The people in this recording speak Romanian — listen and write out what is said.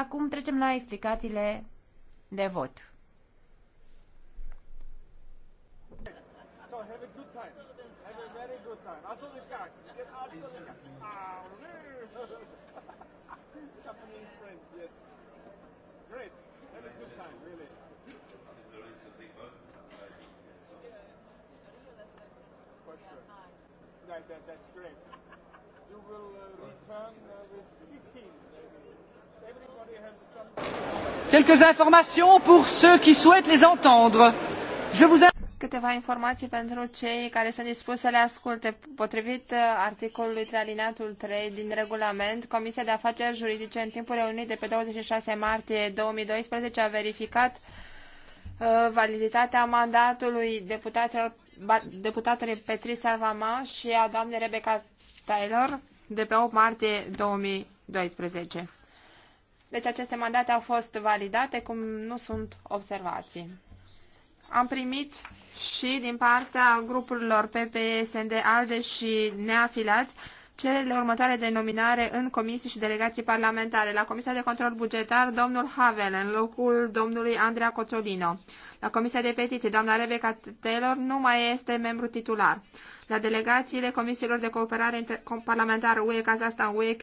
Acum trecem la explicațiile de vot. Ah, great. That, that, that's great. You will uh, return. Uh, Quelques informations pour ceux qui souhaitent les entendre. Je vous Câteva informații pentru cei care sunt dispuși să le asculte. Potrivit uh, articolului 3 alineatul 3 din regulament, Comisia de Afaceri Juridice în timpul reuniunii de pe 26 martie 2012 a verificat uh, validitatea mandatului deputaților, deputatului Petri Salvama și a doamnei Rebecca Taylor de pe 8 martie 2012. Deci aceste mandate au fost validate, cum nu sunt observații. Am primit și din partea grupurilor PPE, SND, ALDE și neafilați cererile următoare de nominare în comisii și delegații parlamentare. La Comisia de Control Bugetar, domnul Havel, în locul domnului Andrea Coțolino. La Comisia de Petiții, doamna Rebecca Taylor nu mai este membru titular. La delegațiile Comisiilor de Cooperare Parlamentară UE, Kazahstan, UE,